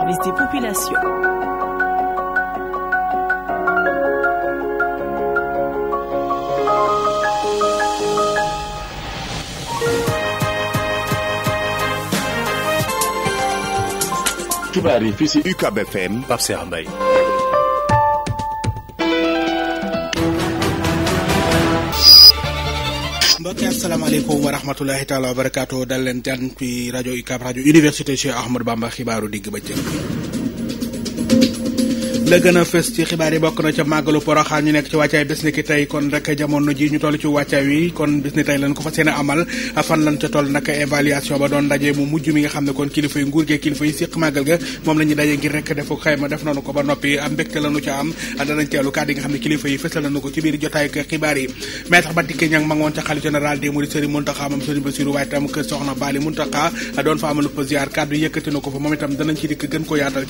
service des populations. xibaar yi fii si UCAB FM Pape Cheikh Mbaye mbokk yi asalaamaaleykum wa rahmatulahi taala wa barakaatu dal leen jant ci rajo UCAB rajo université Cheikh Ahmadou Bamba xibaaru digg bëccëg la gën a fës ci xibaar yi bokk na ca màggalu poroxaan ñu nekk ci wàccaay bés ki tey kon rek jamono ji ñu toll ci wàccaay wi kon bés tey lañ ko fas yéene amal fan lañ ca toll nag évaluation ba doon ndaje mu mujj mi nga xam def nañu ko ba noppi am mbégte lañu ca am danañ teelu kàddu yi nga xam ne kilifa yi fësal nañu ko ci biir jotaay kër soxna Bali Mountakha doon fa amal ziar kàddu yëkkati ko fa moom itam danañ ci dikk gën ko yaatal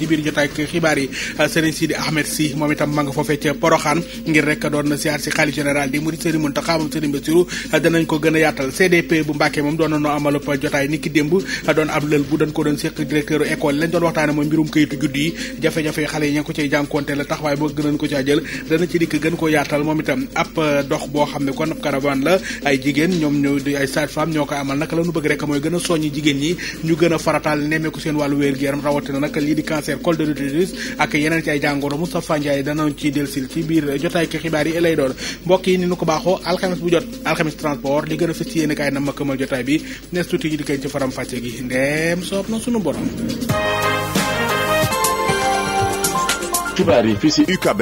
di Ahmed Sy moom itam ma nga ca Poroxaan ngir rek doon siyaar si xalifa général di murid Serigne Mountakha moom Serigne Bassirou danañ ko gën a yaatal CDP amal ab dox boo xam ne kon ab caravane la ay jigéen ñoom ñoo di ay sage-femme ñoo ko amal naka la bëgg rek mooy gën a jigéen ñi ñu gën farataal nemmeeku seen wàllu wér-gi-yaram rawatina nag lii di cancer col de l'utérus ak yeneen ci ay jàng jàngoro Moustapha Ndiaye danañ ci dellusil ci biir jotaay ki xibaar yi lay doon mbokk yi ni nu ko baaxoo alxames bu jot alxames transport li gën a fës ci yéen na ma këmal jotaay bi nees tuuti ji koy ci faram fàcce gi ndeem soob na sunu borom xibaar yi fii si UCAB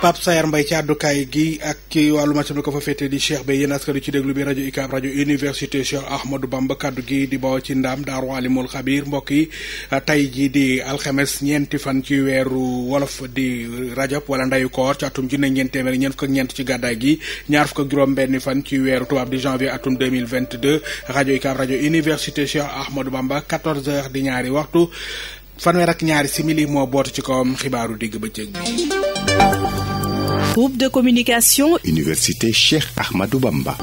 Pape Sayar Mbaye ci àddukaay gi ak ci wàllu màcc mi ko fa féete di Cheikh Bey yéen askan wi ci déglu bi rajo UCAB rajo université Cheikh Ahmadou Bamba kàddu gi di bawoo ci ndaam daaru alimul xabir mbokk yi tey jii di alxames ñeenti fan ci weeru wolof di rajab wala ndayu koor ci atum junne ñeent téeméer ñeent fukk ak ñeent ci gàddaay gi ñaar fukk ak benn fan ci weeru tubaab di janvier atum 2022 rajo UCAB rajo université Cheikh Ahmadou Bamba 14 heures di ñaari waxtu fanweer ak ñaari simili moo bootu ci kawam xibaaru digg bëccëg bi Groupe de communication Université Cheikh Ahmadou Bamba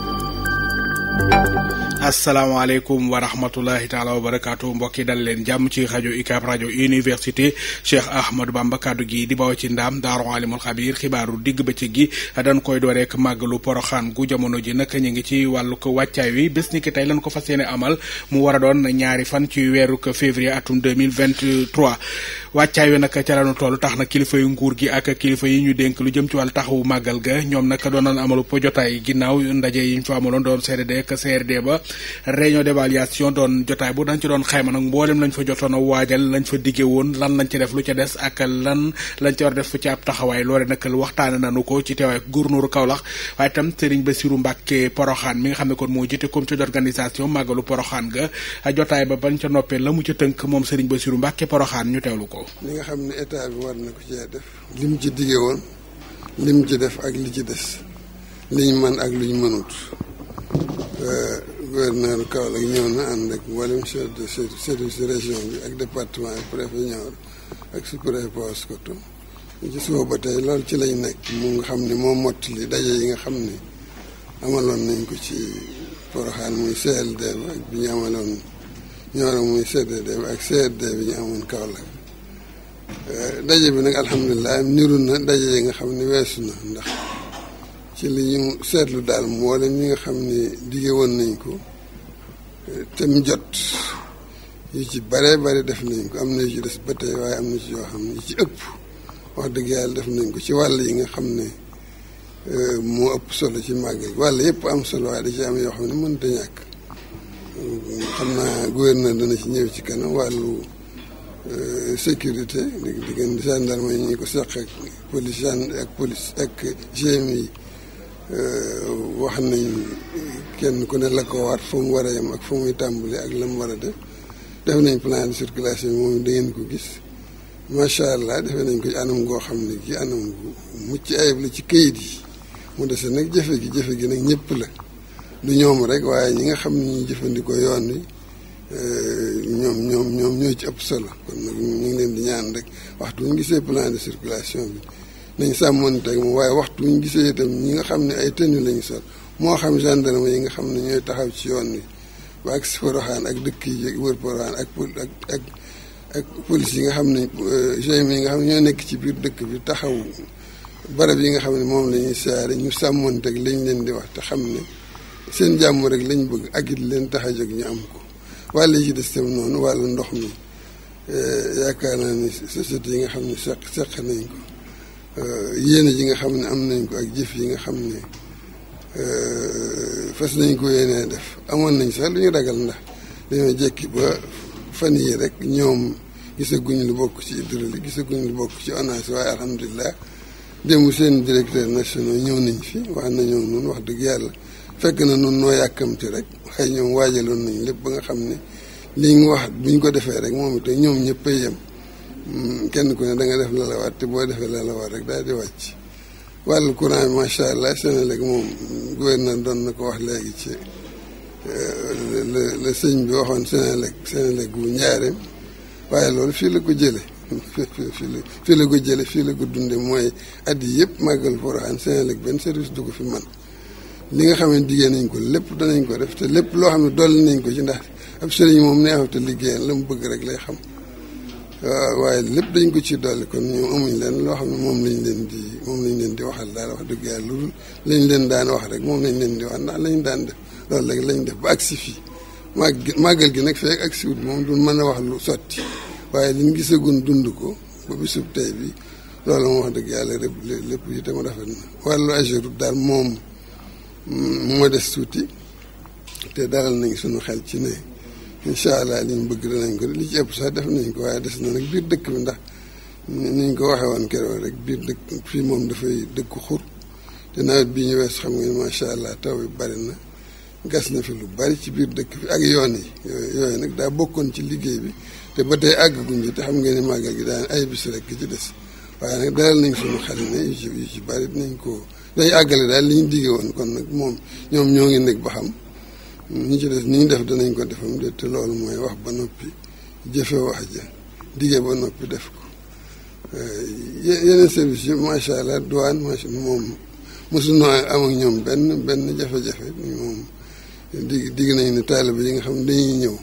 asalaamaaleykum wa rahmatulahi taala wa barakaatu mbokk yi dal leen jàmm ci rajo UCAB rajo université Cheikh Ahmadou Bamba kaddu gi di bawoo ci ndaam daaru alimul xabiir xibaaru digg bëccëg gi dañ koy doo rek màggalu poroxaan gu jamono ji nag ñu ngi ci wàllu ko wàccaay wi bés ni ki tey lañ ko fas yéene amal mu war a doon ñaari fan ci weeru février atum 2023 wàccaay wi nag ca lañu toll tax na kilifa yu nguur gi ak kilifa yi ñu denk lu jëm ci wàllu taxawu màggal ga ñoom nag doon nañ amalu po jotaay ginnaaw ndaje yi ñu fa amaloon doon CRD ak CRD ba réunion d'évaluation doon jotaay bu dañ ci doon xayma nag mboolem lañ fa jotoon a waajal lañ fa diggee woon lan lañ ci def lu ca des ak lan lañ ci def fu ci ab taxawaay loole nag waxtaane nanu ko ci teewaay gouverneur Kaolack waaye itam Serigne Bassirou Mbacké Porokhane mi nga xam ne kon moo jiite comité d'organisation màggalu Porokhane ga jotaay ba bañ ca noppee la mu ca tënk moom Serigne Bassirou Mbacké Porokhane ñu teewlu ko. li nga xam ne état bi war na ko cee def. lim ci diggee ci def ak li ci des liñ mën ak luñ mënut. Euh, gouverneur Kaolack ñëw na ànd ak mboolem chef de service région bi ak département ak préfet Nioro ak sous-préfet Paoskoto ci suba ba tey lool ci lañ nekk mu nga xam ni moo mottali daje yi nga xam ni amaloon nañ ko ci Porokhane muy CLD ba ak bi ñu amaloon Nioro muy CDD ba ak CRD bi ñu amoon Kaolack euh, daje bi nag alhamdulilah niru na daje yi nga xam ni weesu na ndax ci li ñu seetlu daal mboolem ñi nga xam ne dige woon nañ ko te mu jot yi ci bare bare def nañ ko am na yu ci des ba waaye am na ci yoo xam ne yi ci ëpp wax dëgg yàlla def nañ ko ci wàll yi nga xam ne euh, moo ëpp solo ci màggal wàll yëpp am solo waaye da ci am yoo xam ne mënut a ñàkk xam naa gouverneur dana ci ñëw ci kanam wàllu euh, sécurité di diggante genn genn gendarme ñu ko seq ak police ak police ak GMI Euh, wax nañ kenn ku ne la ko waat fu mu war a yem ak fu muy tàmbali ak la mu war a def def nañ plan de circulation moom da ko gis macha allah defee nañ ko ci anam goo xam ne gi anam gu mucc ayib la ci këyit yi mu dese nag jafe gi jafe gi nag ñëpp la du ñoom rek waaye ñi nga xam ne ñuy jëfandikoo yoon wi euh, ñoom ñoom ñoom ñoo ci ëpp solo kon nag ñu ngi leen di ñaan rek waxtu bu ñu gisee plan de circulation bi nañ sàmmanteeg moom waaye waxtu bu ñu gisee itam ñi nga xam ne ay tenue lañu sol moo xam gendarme yi nga xam ne ñooy taxaw ci yoon wi ak Porokhane ak dëkk yi wër Porokhane ak ak ak ak police yi nga xam ne euh, GMI yi nga xam ne ñoo nekk ci biir dëkk bi taxaw barab yi nga xam ne moom la ñuy saare ñu sàmmanteeg lañ leen di wax te xam ne seen jàmm rek lañ bëgg ak it leen tax a jóg ñu am ko wàll yi des tam noonu wàllu ndox mi euh, yaakaar naa ni société yi nga xam ne seq seq nañ Euh, yéene ji nga xam ne am nañ ko ak jëf yi nga xam ne euh, fas nañ ko yéene def amoon nañ sax lu ñu ragal ndax dañoo jékki ba fan yi rek ñoom gisaguñ lu bokk ci hydrologie gisaguñ lu bokk ci ONAS waaye alhamdulilah démb seen directeur national ñëw nañ fi wax nañoo noonu wax dëgg yàlla fekk na noonu noo yàkkamti rek waaye ñoom waajaloon nañ lépp ba nga xam ne li ñu wax buñ ko defee rek moom itam ñoom ñëpp a yem Mm, kenn ku ne da nga def la la war te boo defee la la war rek daal di wàcc wàllu courant bi macha allah Senelec moom gouverneur doon na ko wax léegi ci euh, le le sëñ bi waxoon Senelec Senelec bu njaareem waaye loolu fii la ko jële fii la fii la ko jële fii la ko dunde mooy at yi yëpp màggal Porokhane Senelec benn service dugg ko fi man li nga xam ne diggée nañ ko lépp danañ ko def te lépp loo xam ne dolli nañ ko ci ndax ab sëriñ moom neexut a liggéeyam la mu bëgg rek lay xam Euh, waaye lépp dañ ko ci dolli kon ñoom amuñ leen loo xam ne moom lañ leen di moom lañ leen di waxal daal wax dëgg yàlla lu lañ leen daan wax rek moom lañ leen di wax ndax lañ daan def loolu rek lañ def ba agsi fii màgg màggal gi nag feek agsi wut moom duñ mën a wax lu sotti waaye liñ gisagun dund ko ba bisub tey bi loolu moom wax dëgg yàlla lépp lépp itam rafet na wàllu Ageroute daal moom mm, moo des tuuti te dalal nañ sunu xel ci ne incha allah li ñu bëgg danañ ko li ci ëpp sax def nañ ko waaye des na nag biir dëkk bi ndax ni ñu ko waxee woon keroog rek biir dëkk fii moom dafay dëkku xur te nawet bii ñu wees xam nga macha allah taw bi bari na gas na fi lu bari ci biir dëkk bi ak yoon yi nag daa bokkoon ci liggéey bi te ba tey àggaguñ ci te xam ngeen ne gi daan ay bis rek ci des waaye nag dalal nañ suñu xel ne yu ci bari nañ ko day àggale daal li ñu diggee woon kon nag moom ñoom ñoo ngi nekk ba xam. ñi ci des ni ñu def danañ ko defam de te loolu mooy wax ba noppi jëfe wax ja dige ba noppi def ko eh, yeneen service yi macha allah douane macha moom mosuñu am ak ñoom benn benn jafe-jafe moom dig dig nañ ne taaliba yi nga xam ne dañuy ñëw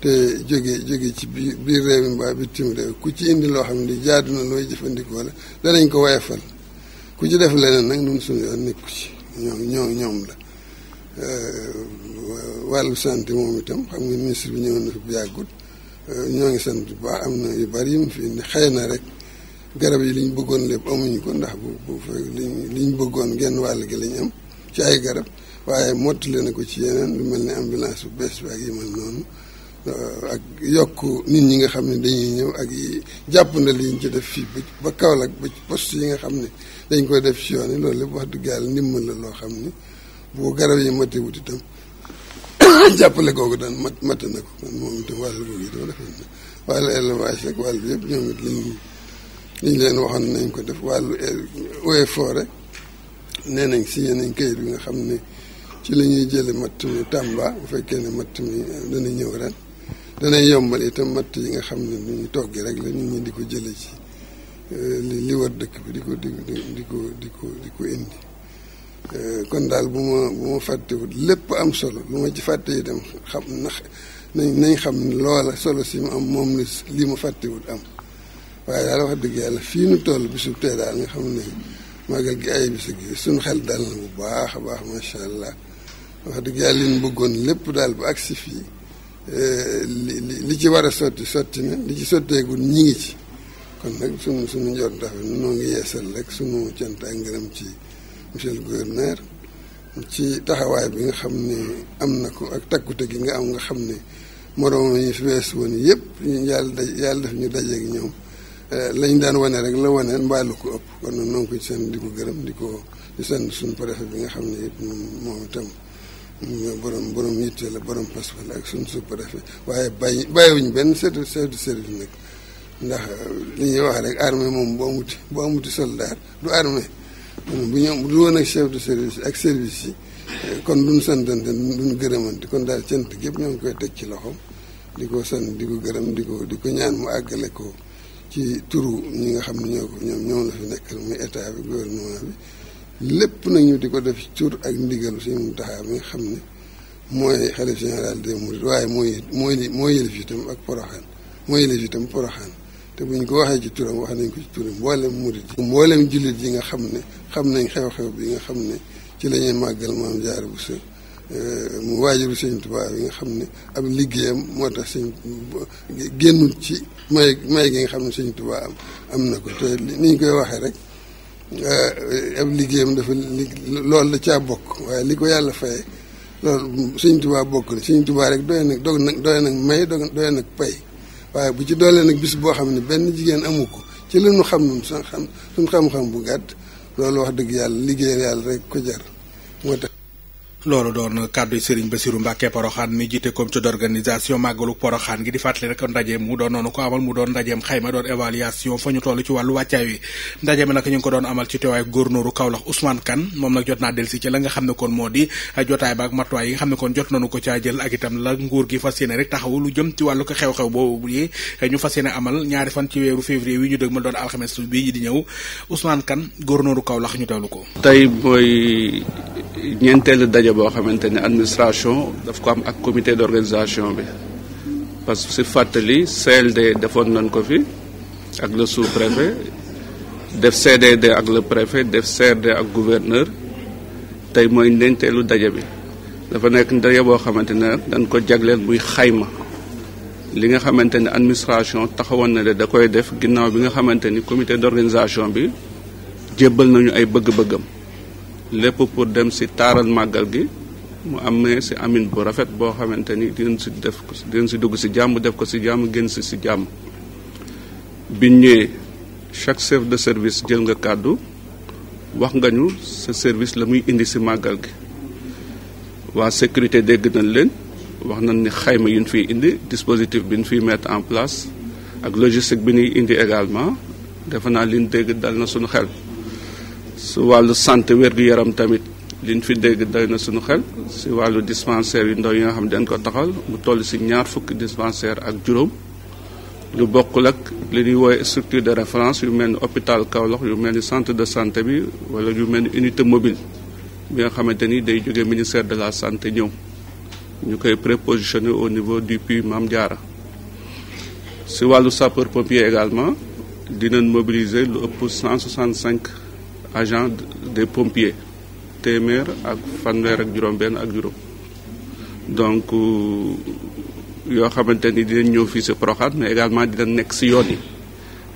te jóge jóge ci biir biir réew mi mbaa bitim réew ku ci indi loo xam ne jaadu na looy jëfandikoo la danañ ko wayafal ku ci def leneen nag ñun suñu yoon nekku ci ñoom ñoom ñoom la eh, wàllu santé moom itam xam nga ministre bi ñëwoon na fi bu yàggut euh, ñoo ngi sant bu baax am na yu bari yu mu fi xëy na rek garab yi liñ bëggoon lépp amuñu ko ndax bu bu liñ liñ bëggoon genn wàll gi lañ am ci ay garab waaye mottali na ko ci yeneen lu mel ne ambulance bu bees bi ak yi mel noonu euh, ak yokk nit ñi nga xam ne dañuy ñëw ak yi jàppandal yi ñu ci def fii ba Kaolack ba ci poste yi nga xam ne dañ koy def ci yoon yi loolu lépp wax dëgg yàlla ndimbal la loo xam ni boo garab yi mate wut itam jàppale googu daan mat mat na ko man moom itam wàllu googu yi dafa defoon wàllu élevage rek wàllu yëpp ñoom it liñ liñ leen waxoon nañ ko def wàllu eaux et forêt nee nañ si yeneen kayit bi nga xam ne ci lañuy ñuy jële matt mi Tamba bu fekkee ne matt mi dana ñëw ren dana yombal itam matt yi nga xam ne ni ñu toggi rek la nit di ko jële ci euh, li li war dëkk bi di di ko di ko di ko indi Euh, kon daal bu ma bu ma fàttewut lépp am solo lu ma ci fàtte itam xam na nañ nañ xam loola solo si mu am moom la lii ma fàttewut am waaye daal wax dëgg yàlla fii nu toll bisub tey daal nga xam ne magal gi ay bis gi suñu xel dal na bu baax a baax macha allah wax dëgg yàlla li bëggoon lépp daal bu si fii euh, li li ci war a sotti sotti na li ci sotteegul ñi ngi ci kon nag sunu sunu njort bi noo ngi yeesal rek sunu cant ak ngërëm ci monsieur le gouverneur ci taxawaay bi nga xam ni am na ko ak takkute gi nga am nga xam ne moroom yi fi wees woon yëpp ñu yàlla daj yàlla def ñu dajeeg ñoom euh, lañ daan wane rek la waneen mbaalu ko ëpp kon nag noo ngi seen diggu ko gërëm di ko di sant suñu préfet bi nga xam ni it moom itam borom borom yitte la borom pas-pas la ak suñu sous-préfet waaye bàyyi bàyyiwuñ benn chef de service nag ndax euh, li ñuy wax rek armée moom boo amuti boo amuti soldat du armée bu ñu lu woon ak chef de service ak service yi kon duñ santante duñ gërëmante kon daal cant gépp ñoo ngi koy teg ci loxo di ko sant di ko gërëm di ko di ko ñaan mu àggale ko ci turu ñi nga xam ne ñoo ko ñoom ñoom la fi nekkal muy état bi gouvernement bi lépp nag ñu di ko def tur ak ndigalu Sëriñ Muntaxa mi nga xam ne mooy xalif général des mourides waaye mooy mooy mooy yëlif itam ak poroxaan mooy yëlif itam poroxaan te buñ ko waxee ci turam wax nañ ko ci turam mboolem murit yi mboolem jullit yi nga xam ne xam nañ xew-xew bi nga xam ne ci la màggal maam Jaara Buso euh, mu waajuru sëñ Tuubaa bi nga xam ne ab liggéeyam moo tax sëñ génnul ci may may gi nga xam ne sëñ Tuubaa am na ko te ni ñu koy waxee rek euh, ab liggéeyam dafa li lool la caa bokk waaye li ko yàlla faye loolu sëñ Tuubaa bokk na sëñ Tuubaa rek doy nag doog nag doy nag may doog doy nag pay waaye bu ci doolee nag bis boo xam ne benn jigéen amu ko ci li nu xam nun suñ xam xam-xam bu gàtt loolu wax dëgg yàlla liggéeyal yàlla rek ko jar moo tax loolu doon kàddu Serigne Bassirou Mbacke Poroxaan mi jiite comité d'organisation màggalu Poroxaan gi di fàttali rek ndaje mu doon noonu ko amal mu doon ndajeem xayma doon évaluation fa ñu toll ci wàllu wàccaay wi ndaje mi nag ñu ngi ko doon amal ci teewaay góornóoru Kaolack Ousmane Kane moom nag jot naa del si ci la nga xam ne kon moo di jotaay ba ak matuwaay yi nga xam ne kon jot nañu ko caa jël ak itam la nguur gi fas yéene rek taxawu lu jëm ci wàllu ko xew-xew boobu yi ñu fas yéene amal ñaari fan ci weeru février wi ñu dëgmal doon alxames bii di ñëw Ousmane Kane góornóoru Kaolack ñu teewlu ko ñeenteelu daje boo xamante ne administration daf ko am ak comité d'organisation bi parce que si fàttali CLD defoon nañ ko fi ak le sous-préfet def CDD ak le préfet def CRD ak gouverneur tey mooy ñeenteelu daje bi dafa nekk ndaje boo xamante ne dañ ko jagleel muy xayma li nga xamante ni administration taxawoon na de da koy def ginnaaw bi nga xamante ni comité d'organisation bi jébbal nañu ay bëgg-bëggam lépp pour dem si taaral màggal gi mu amee si amin bu rafet boo xamante ni dinañ si def ko si dugg si jàmm def ko si jàmm génn si si jàmm biñ ñëwee chaque chef de service jël nga kàddu wax nga ñu sa service la muy indi si màggal gi waa sécurité dégg na leen wax na ni xayma yu ñu fiy indi dispositif bi ñu fiy mettre en place ak logistique bi ñuy indi également defe naa liñ dégg dal na sunu xel su wàllu santé wér yaram tamit liñ fi dégg day na suñu xel si wàllu dispensaire yu ndaw yi nga xam ne dañ ko taxal mu toll si ñaar fukki dispensaire ak juróom lu bokkul ak li ñuy woowee structure de référence yu mel ni hôpital Kaolack yu mel ni centre de santé bi wala yu mel ni unité mobile bi nga xamante ni day jóge ministère de la santé ñëw ñu koy prépositionné au niveau du puits Mame Diarra si wàllu sapeur pompier également dinañ mobiliser lu ëpp 165 agent des pompiers téeméer ak fanweer ak juróom-benn ak juróom donc euh, yoo xamante ni dinañ ñëw fii si Porokhane mais également dinañ nekk si yoon yi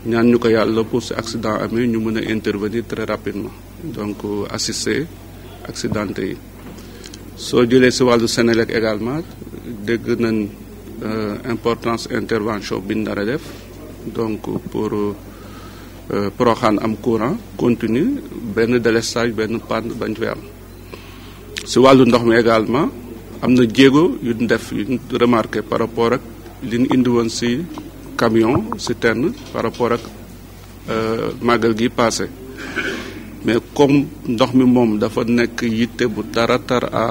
ñaan ñu ko yàlla pour si accident amee ñu mën a intervenir très rapidement donc euh, assister accidenté yi. soo jëlee si wàllu Sénélec également dégg nañ euh, importance intervention bi ñu def donc pour. Euh, Porokhane am courant continue benn délestage benn panne bañ fi am si wàllu ndox mi également am na jéego yu ñu def yu ñu remarqué par rapport ak li ñu indi woon si camion citerne par rapport ak euh, màggal gi passé mais comme ndox mi moom dafa nekk yitte bu tara tar a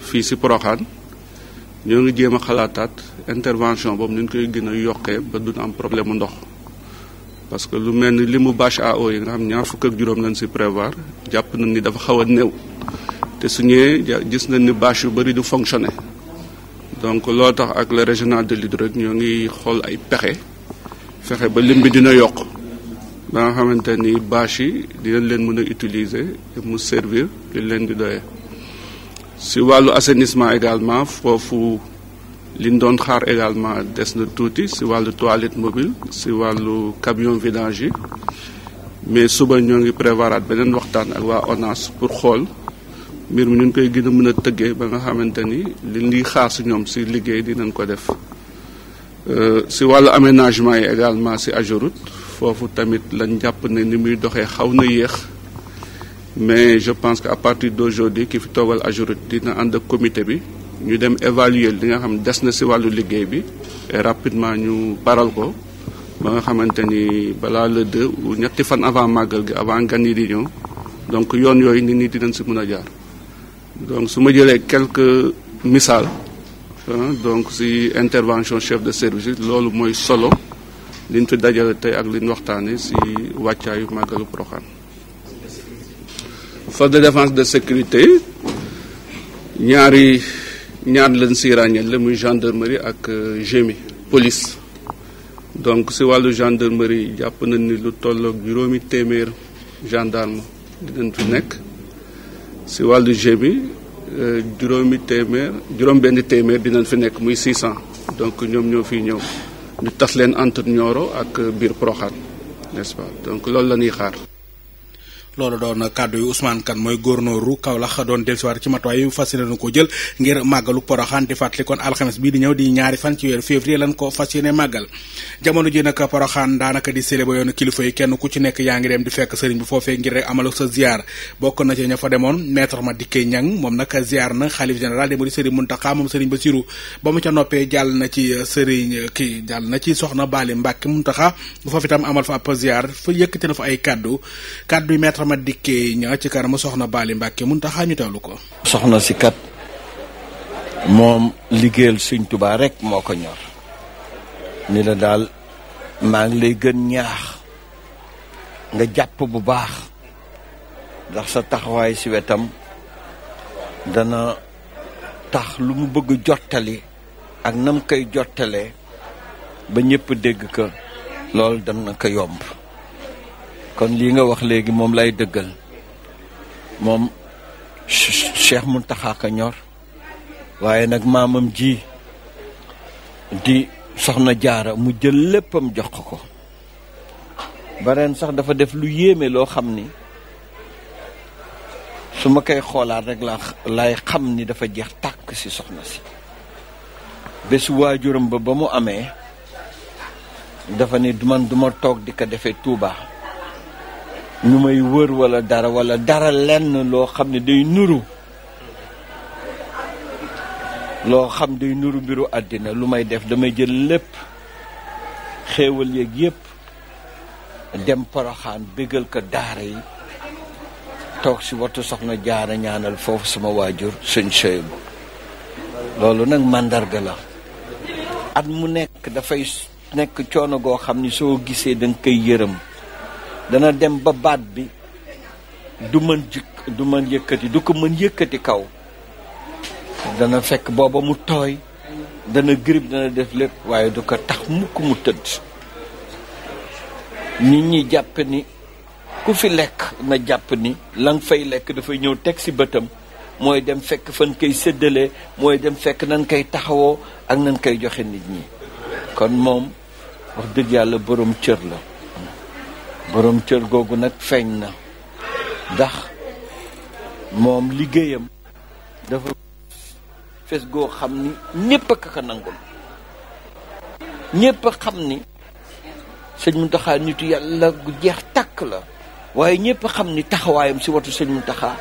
fii si Porokhane ñoo ngi jéem a xalaataat intervention boobu ñu koy gën a yokkee ba duñ am problème mu ndox parce que lu mel ni li mu bâche à eau yi nga xam ñaar fukk ak juróom lañ si prévoir jàpp nañ ni dafa xaw a néew te su gis nañ ni bâche yu bëri du fonctionner donc loo tax ak le régional de l'hydraulique ñoo ngi xool ay pexe fexe ba lim bi dina yokk ba nga xamante ni bâche yi dinañ leen mën a utiliser mu servir li leen di doyee si wàllu assainissement également foofu li ñu doon xaar également des na tuuti si wàllu toilette mobile si wàllu camion vidange yi mais suba ñoo ngi prévoiraat beneen waxtaan ak waa ONAS pour xool mbir mi ñu koy gën a mën a tëggee ba nga xamante ni li ñuy xaar si ñoom si liggéey dinañ ko def euh, si wàllu aménagement yi également si Ageroute foofu tamit lañ jàpp ne ni muy doxee xaw na yéex mais je pense que à partir d'aujourd'hui ki fi toogal Ageroute dina ànd a comité bi ñu dem évaluer li nga xam des na si wàllu liggéey bi et rapidement ñu baral ko ba nga xamante ni balaa le deux ñetti fan avant màggal gi avant gan yi di ñëw donc yoon yooyu nit ñi dinañ si mën a jaar donc su ma jëlee quelques misaal donc si intervention chef de service loolu mooy solo liñ fi dajal tey ak liñ waxtaane si wàccaayu màggalu Porokhane force de défense de sécurité ñaari ñaar lañ si ràññeel la muy gendarmerie ak euh, GMI police donc si wàllu gendarmerie jàpp nañ ni lu tollook juróomi téeméer gendarme dinañ fi nekk si wàllu GMI euh, juróomi téeméer juróom benn téeméer dinañ fi nekk muy 600 donc ñoom ñoo fiy ñëw ñu tas leen entre Nioro ak euh, biir Proxaan n'est-ce donc loolu la ñuy xaar. loolu doon kàddu yu Ousmane Kane mooy góornóoru Kaolack doon dellusiwaat ci matuwaay yu fas yéene ko jël ngir màggalu Poroxaan di fàttali kon alxames bii di ñëw di ñaari fan ci weeru février lan ko fas yéene màggal jamono ji nag Poroxaan daanaka di sélé ba yoonu kilifa yi kenn ku ci nekk yaa ngi dem di fekk sëriñ bi foofee ngir rek amalu sa ziar bokk na ci ña fa demoon maître ma dikkee ñang moom nag ziar na xalif général di mu di sëriñ mu na ci euh, sëriñ euh, na ci soxna Baali Mbàkke Muntaxa bu foofu itam amal fa ab ziar fa yëkkati ma dikkee ña ci kanamu soxna Baali Mbàkke Muntaxa ñu teewlu ko. soxna si kat moom liggéeyal suñ tubaa rekk moo ko ñor ni la daal maa ngi lay gën ñaax nga jàpp bu baax ndax sa taxawaay si wetam dana tax lu mu bëgg jottali ak nam koy jottalee ba ñëpp dégg ko loolu dana ko yomb. kon lii nga wax léegi moom lay dëggal moom Cheikh Mountakha ka ñor waaye nag maamam ji di soxna jaara mu jël léppam jox ko bareen sax dafa def lu yéeme loo xam ni su ma koy xoolaat rekk laa laay xam ni dafa jeex tàkk ci soxna si bésu waajuram ba ba mu amee dafa ne man duma toog di ko defee Tuubaa lu may wër walla dara walla dara lenn loo xam ne day nuru loo xam day nuru mbiru àddina lu may def damay jël lépp xéewal yeeg yépp dem poroxaan bégal ko daara yi toog si wotu soxna jaara ñaanal foofu sama waajur sëñ Seybu loolu nag màndarga la at mu nekk dafay nekk coono goo xam ni soo gisee danga koy yërëm dana dem ba baat bi du mën jëkk du mën yëkkati du ko mën yëkkati kaw dana fekk booba mu tooy dana girip dana def lépp waaye du ko tax mukk mu tëdd nit ñi jàpp ni ku fi lekk na jàpp ni la fay lekk dafay ñëw teg si bëtam mooy dem fekk fan koy séddalee mooy dem fekk nan koy taxawoo ak nan koy joxe nit ñi kon moom wax dëgg yàlla boroom cër la boroom cër googu nag feeñ na ndax moom liggéeyam dafa fes goo xam ni ñépp a kaka nangul ñépp a xam ni sëñ Muntaxa nitu yàlla gu jeex takk la waaye ñépp xam ni taxawaayam si watu sëñ Muntaxa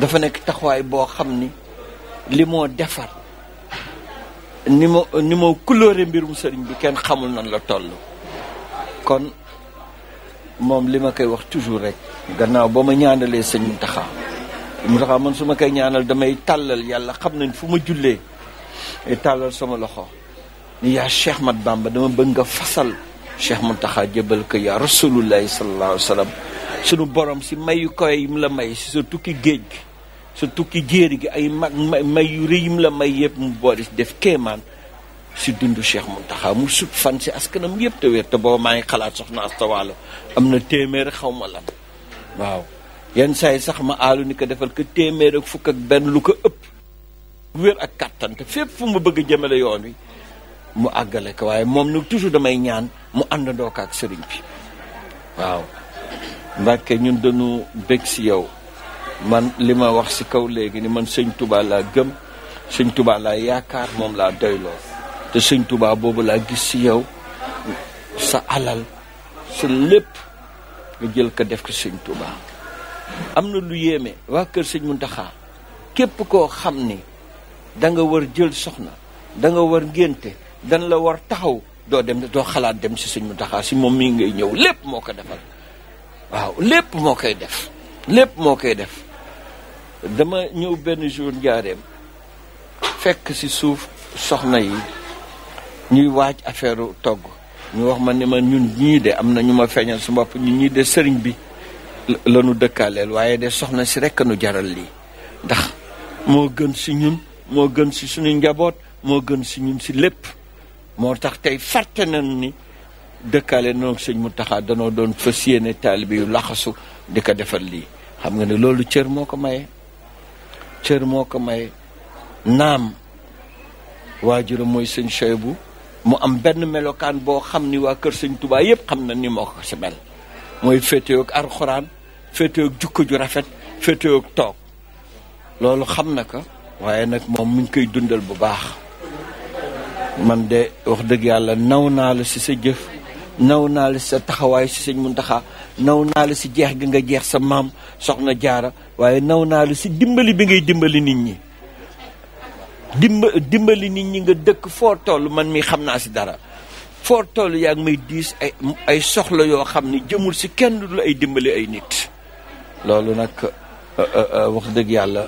dafa nekk taxawaay boo xam ni li moo defar ni moo ni moo couleur mbirum sëriñ bi kenn xamul nan la toll kon moom li ma koy wax toujours rek gannaaw ba ma ñaanalee sëñ Muntaxa Muntaxa man su ma koy ñaanal damay tàllal yàlla xam nañ fu ma jullee eh, tàllal sama loxo ni yaa Cheikh Mat ba dama bëgg nga fasal mu Muntaxa jëbal ko yaa rasulullahi sallallahu alayhi wa sunu borom si mayu koy yim la may si sa tukki géej gi sa tukki jéeri gi ay mag may yu rëy yim la may yëpp mu boole def kéemaan si dundu Cheikh Mountakha mu sut fan si askanam yëpp te wér te booba maa ngi xalaat soxna Asta Waalo am na téeméer xaw ma lan waaw yenn saa yi sax ma aalu ni ko defal ko téeméer ak fukk ak benn lu ko ëpp wér ak kàttan te fépp fu mu bëgg jëmale yoon wi mu àggale ko waaye moom nag toujours damay ñaan mu àndandoo ko ak sëriñ bi waaw Mbàkke ñun dañu bég si yow man li ma wax si kaw léegi ni man sëñ Tuubaa laa gëm sëñ Tuubaa laa yaakaar moom laa doyloo te sëñ Touba boobu laa gis ci yow sa alal sa lépp nga jël ko def ko sëñ Touba am na lu yéeme waa kër sëñ Muntaxa képp koo xam ni danga nga war jël soxna danga war ngénte dan la war taxaw doo dem doo xalaat dem si sëñ Muntaxa si moom mii ngay ñëw lépp moo ko defal waaw lépp moo koy def lépp moo koy def dama ñëw benn jour njaareem fekk si suuf soxna yi ñuy waaj affaire togg ñu wax ma ni ma ñun ñii de am na ñu ma feeñal su mbopp ñu ñii de sëriñ bi la dëkkaaleel waaye de soxna si rekk nu jaral lii ndax moo gën si ñun moo gën si suñu njaboot moo gën si ñun si lépp moo tax tey fàtte nañu ni dëkkaale noonu sëñ mu taxaa danoo doon fës yéene taalibe yu laxasu di ko defal lii xam nga ne loolu cër moo ko maye cër moo ko maye naam waajuram mooy sëñ bu mu am benn melokaan boo xam ni waa Kër Sëñ tubaay yëpp xam na ni moo ko si mel mooy féetewoog alxuraan féetewoog jukko ju rafet féetewoog toog loolu xam na ko waaye nag moom mi ngi koy dundal bu baax man de wax dëgg yàlla naw naa la si sa jëf naw naa la si sa taxawaay si sëñ Muntaxa naw naa la si jeex gi nga jeex sa maam soxna jaara waaye naw naa la si dimbali bi ngay dimbali nit ñi dimbali nit ñi nga dëkk foo toll man mi xam naa si dara foo toll yaa ngi may diis ay ay soxla yoo xam ne jëmul si kenn dul ay dimbali ay nit loolu nag euh, euh, euh, wax dëgg yàlla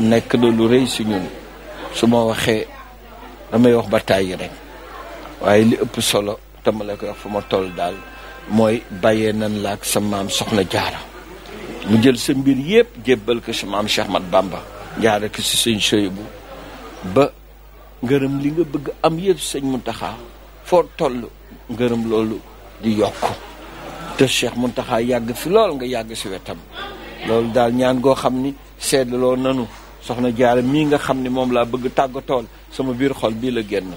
nekk na lu rëy si ñun su ma waxee damay wax ba tàyyi rek waaye li ëpp solo te ma la koy wax fu ma toll daal mooy bàyyee nan la ak sa maam soxna jaara mu jël sa mbir yépp jébbal ko sa maam Cheikh Mat Bamba jaara ki si sëñ Soyibu ba ngërëm li nga bëgg am yëpp sëñ Muntaxa foo toll ngërëm loolu di yokk te Cheikh Muntaxa yàgg fi lool nga yàgg si wetam loolu daal ñaan goo xam ni seedloo nanu soxna jaara mii nga xam ni moom laa bëgg tàggatool sama biir xol bii la génn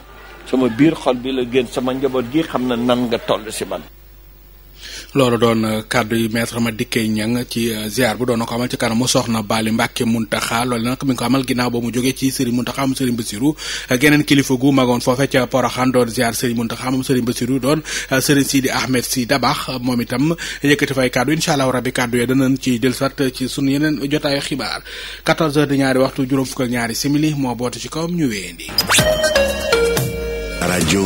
sama biir xol bii la génn sama njaboot gi xam na nan nga toll si man loolu doon euh, kàddu yi maître Madické Niang ci euh, ziar bu doon na ko amal ci kanamu soxna Bali Mbàkke Muntaxa loolu nag ko amal ginnaaw ba mu jógee ci Serigne Muntaxa moom Serigne Bassirou euh, geneen kilifa gu magoon foofe ca Poroxaan doon ziar Serigne Muntaxa moom ci dellusiwaat ci sunu yeneen jotaayu xibaar 14h di ñaari ñu wéyandi. rajo.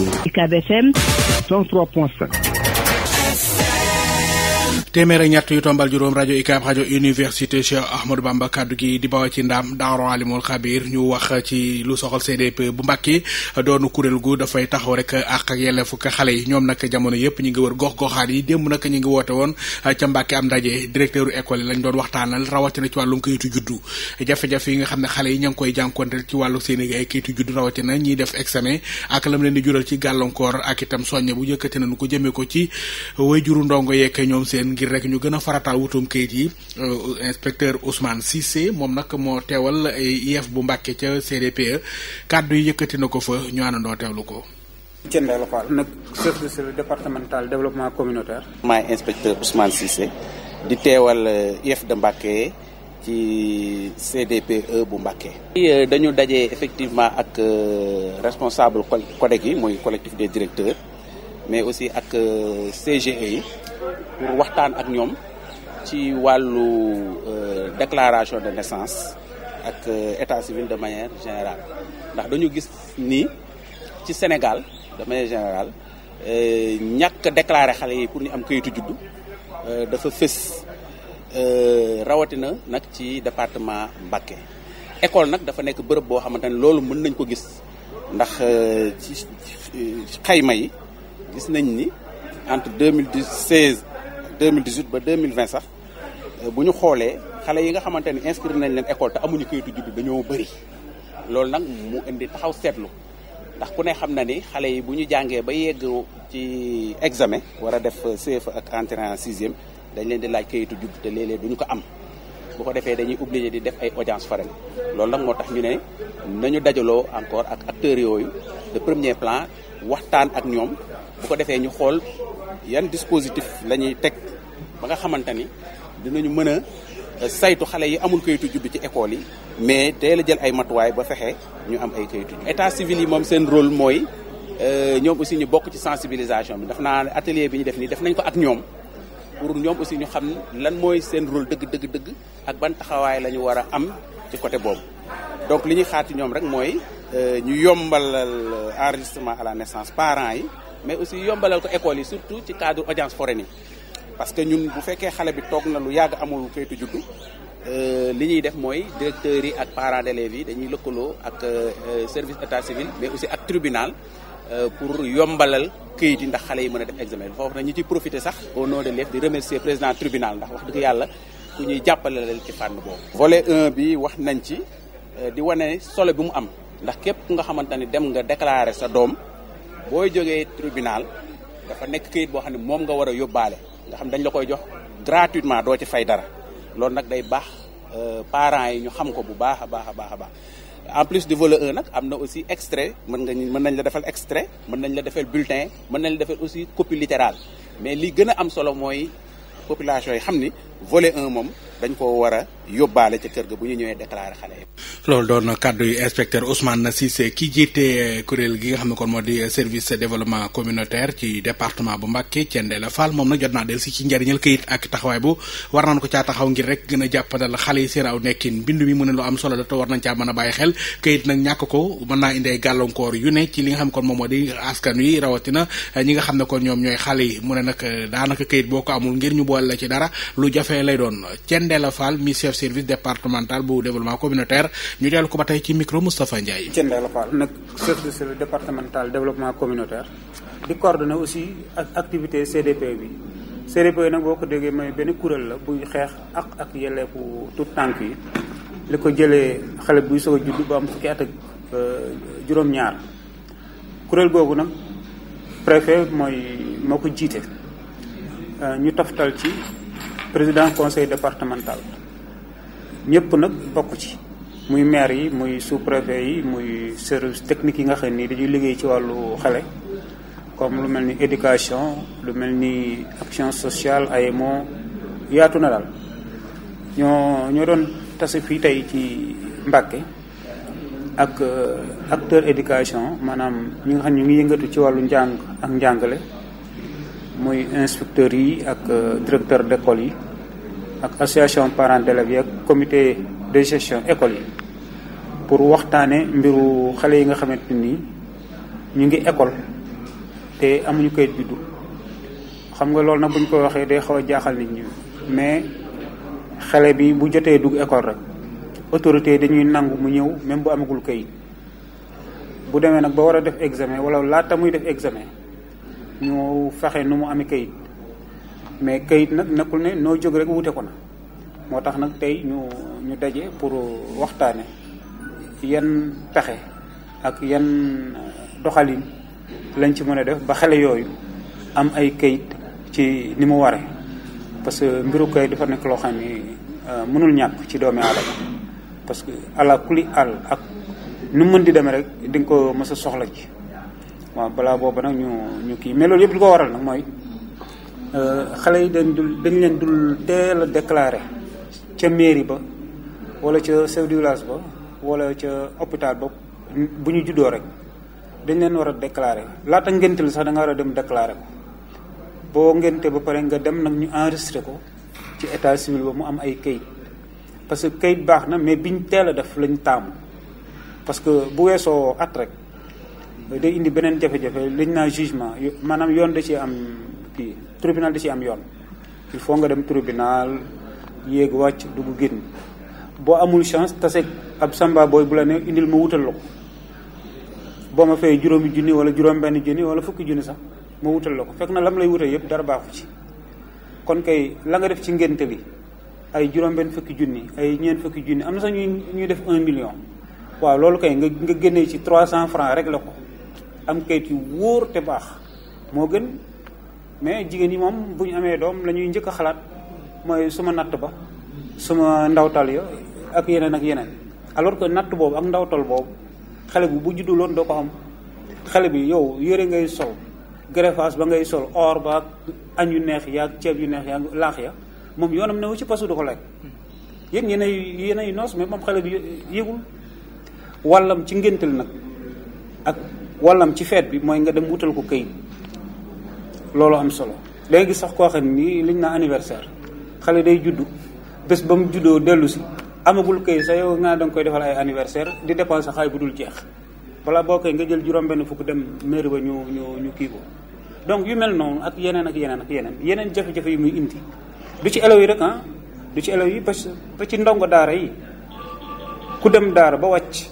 téeméer ak ñett yu tombal juróom rajo UCAB rajo université Cheikh Ahmadou Bamba kaddu gi di bawoo ci ndaam daaro alimul xabir ñu wax ci lu soxal CDP bu Mbàkke doonu kuréel gu dafay taxaw rek àq ak yelleefu ka xale yi ñoom nag jamono yëpp ñu ngi wër gox goxaan yi démb nag ñu ngi woote woon ca Mbàkke am ndaje directeur u école yi lañ doon waxtaanal rawatina ci wàllum kayitu juddu jafe-jafe yi nga xam ne xale yi ña ngi koy jànkonteel ci wàllu seen ay kayitu juddu rawatina ñiy def examen ak lam leen di jural ci gàllankoor ak itam soññe bu yëkkati nu ko jëmee ko ci way juru ndongo yekke ñoom seen ngir ñu gën a farataal wutum kayit yi euh, inspecteur Ousmane Cissé moom nag moo teewal eh, IEF bu Mbàkke ca CDPE kàddu yi yëkkati na ko fa ñu àndandoo teewlu ko. Thierno Ndeye Fall nag chef de service départemental développement communautaire. maay inspecteur Ousmane Cissé di teewal eh, IEF de Mbàkke ci CDPE bu Mbàkke eh, dañu daje effectivement ak responsable CODEC yi mooy collectif des directeurs mais aussi ak CGE yi. pour waxtaan ak ñoom ci wàllu euh, déclaration de naissance ak euh, état civil de manière générale ndax dañu gis ni ci Sénégal de manière générale euh, ñàkk déclaré xale yi pour ñu am kayitu juddu dafa fës rawatina nag ci département Mbacké école nag dafa nekk bërëb boo xamante ne loolu mën nañ ko gis ndax ci xayma yi gis nañ ni entre deux mille seize deux mille dix huit ba deux mille vingt sax euh, bu ñu xoolee xale yi nga xamante ne inscrire nañ leen école te amuñu kayitu juddu dañoo bëri loolu nag mu indi taxaw seetlu ndax ku ne xam na ni xale yi bu ñu jàngee ba yegg ci examen war a def CFEE ak entrée en sixième dañ leen di laaj kayitu juddu te léeg-léeg ñu ko am bu ko defee dañuy obligé di def ay audience foraine loolu nag moo tax ñu ne nañu dajaloo encore ak acteurs yooyu de premier plan waxtaan ak ñoom bu ko defee ñu xool yan dispositif lañuy teg ba nga xamante ni dinañu mën a euh, saytu xale yi amul kayitu juddu ci école yi mais teel la jël ay matuwaay ba fexe ñu am ay kayitu juddu état civil yi moom seen rôle mooy euh, ñoom aussi ñu bokk ci sensibilisation bi daf naa atelier bi ñu def nii def nañ ko ak ñoom pour ñoom aussi ñu xam lan mooy seen rôle dëgg dëgg ak ban taxawaay la ñu war a am ci côté boobu donc li ñuy xaati ñoom rek mooy euh, ñu yombalal enregistrement à la naissance parents yi mais aussi yombalal ko école yi surtout ci cadre audience foraine yi parce que ñun bu fekkee xale bi toog na lu yàgg amul kayitu juddu euh, li ñuy def mooy directeurs yi ak parents d'élèves yi dañuy lëkkaloo ak euh, service état civil mais aussi ak tribunal euh, pour yombalal këyit yi ndax xale yi mën a def examen foofu nag ñu ci profité sax au nom de di remercier président tribunal ndax wax dëgg yàlla ku ñuy jàppale la ci fànn boobu. volet 1 bi wax nañ ci di wane solo mu am ndax képp nga xamante ni dem nga déclarer sa doom. booy jógee tribunal dafa nekk kayit boo xam ne moom nga war a yóbbaale nga xam dañ la koy jox gratuitement doo ci fay dara loolu nag day baax euh, parents yi ñu xam ko bu baax a baax a baax a baax en plus du volet 1 e nag am na aussi extrait mën nga mën nañ la defal extrait mën nañ la defal bulletin mën nañ la defal aussi copie littérale mais lii gën a am solo mooy population yi xam ni volet un moom dañ ko war a yóbbaale ca kër ga bu ñu ñëwee déclaré xale yi. loolu doon kàddu yi inspecteur Ousmane Cissé ki jiite kuréel gi nga xam ne kon moo di service développement communautaire ci département bu Mbacké Thiendella Fall moom nag jot naa dellu si ci njariñal këyit ak taxawaay bu war naan ko caa taxaw rek gën a jàppandal xale yi seen aw nekkin bindu mi mu ne lu am solo la te war nañ caa a bàyyi xel këyit nag ñàkk ko mën naa indee gàllankoor yu ne ci li nga xam kon moom moo di askan wi rawatina ñi nga xam ne kon ñoom ñooy xale yi mu ne nag daanaka këyit boo ko amul ngir ñu boole la ci dara lu jafe foofee lay doon Thiendella Fall mi chef service départemental bu développement communautaire ñu dellu ko ba tey ci micro Moustapha Ndiaye. Thiendella Fall nag service départemental développement communautaire di coordonner aussi ak activité CDP bi. CDP nag boo ko déggee mooy benn kuréel la buy xeex ak ak yelleeku tout tànk yi li ko jëlee xale buy soog a judd ba am fukki at ak euh, juróom-ñaar kuréel googu nag préfet mooy moo ko jiite euh, ñu toftal ci président conseil départemental ñëpp nag bokk ci muy maire yi muy sous préfet yi muy service technique yi nga xam ni dañuy liggéey ci wàllu xale comme lu mel ni éducation lu mel ni action sociale ay moo yaatu na daal ñoo ñoo doon tase fii tey ci Mbàkke ak euh, acteur éducation maanaam ñi nga xam ne ñu ngi yëngatu ci wàllu njàng ak njàngale muy inspecteurs yi ak euh, directeur d'école yi ak association parents d'élèves yi ak comité de gestion école yi pour waxtaane mbiru xale yi nga xamante ni ñu ngi école te amuñu kayit juddu xam nga loolu nag buñ ko waxee day xaw a jaaxal nit ñi mais xale bi bu jotee dugg école rek autorité dañuy nangu mu ñëw même bu amagul kayit bu demee nag ba war a def examen wala laata muy def examen ñu fexe nu mu amee kayit mais kayit nag nakkul ne noo jóg rek wute ko na moo tax nag tey ñu ñu daje pour waxtaane yan pexe ak yan doxalin lañ ci mën a def ba xale yooyu am ay kayit ci ni mu ware parce que mbiru kayit dafa nekk loo xam ni euh, mënul ñàkk ci doomi aadama parce que ala kuli àll ak nu mën di demee rek di nga ko mës soxla ji waaw balaa booba nag ñu ñu kii mais loolu yëpp li ko waral nag mooy euh, xale yi dañ dul dañ leen dul teel a déclaré ca mairie ba wala ca chef de village ba wala ca hôpital ba bu ñu juddoo rek dañ leen war a déclaré laata ngénte li sax da nga war a dem déclaré ko boo ngénte ba pare nga dem nag ñu enregistré ko ci état civil ba mu am ay kayit parce que kayit baax na mais biñ teel a def lañ taamu parce que bu weesoo at rek day indi beneen jafe-jafe liñ naa jugement maanaam yoon da ci am kii tribunal da ci am yoon il faut nga dem tribunal yéeg ci dugg génn boo amul chance taseeg ab samba booy bu la ne indil ma wutal la ko boo ma fay juróomi junni wala juróom benn wala fukki junni sax ma wutal la ko fekk na lam lay wutal yëpp dara baaxu ci kon kay la nga def ci ngénte li ay juróom benn fukki junni ay ñeent fukki junni am na sax ñuy def un million waaw loolu kay nga nga génnee ci trois cent francs rek la ko am kayit yu wóor te baax moo gën mais jigéen yi moom bu ñu amee doom la ñuy njëkk a xalaat mooy suma natt ba suma ndawtal ya ak yeneen ak yeneen alors que natt boobu ak ndawtal boobu xale bi bu juddu loon doo ko am xale bi yow yére ngay sol greffage ba ngay sol or ba añ yu neex yaag ceeb yu neex yaag laax ya moom yoonam newu ci pasu du ko lekk yéen yéen ay yéen ay noos mais moom xale bi yëgul wàllam ci ngéntal nag ak wallam ci feet bi mooy nga dem wutal ko këyit loolu am solo léegi sax koo xam ni liñ naa anniversaire xale day juddu bés ba mu juddoo dellu si amagul këyit sa yow nga da nga koy defal ay anniversaire di dépenser xaay bu dul jeex balaa boo koy nga jël juróom-benn fukk dem mairie ba ñu ñu ñu kii ko donc yu mel noonu ak yeneen ak yeneen ak yeneen yeneen jafe-jafe yi muy indi du ci élèves yi rek ah du ci élèves yi parce que ci ndongo daara yi ku dem daara ba wàcc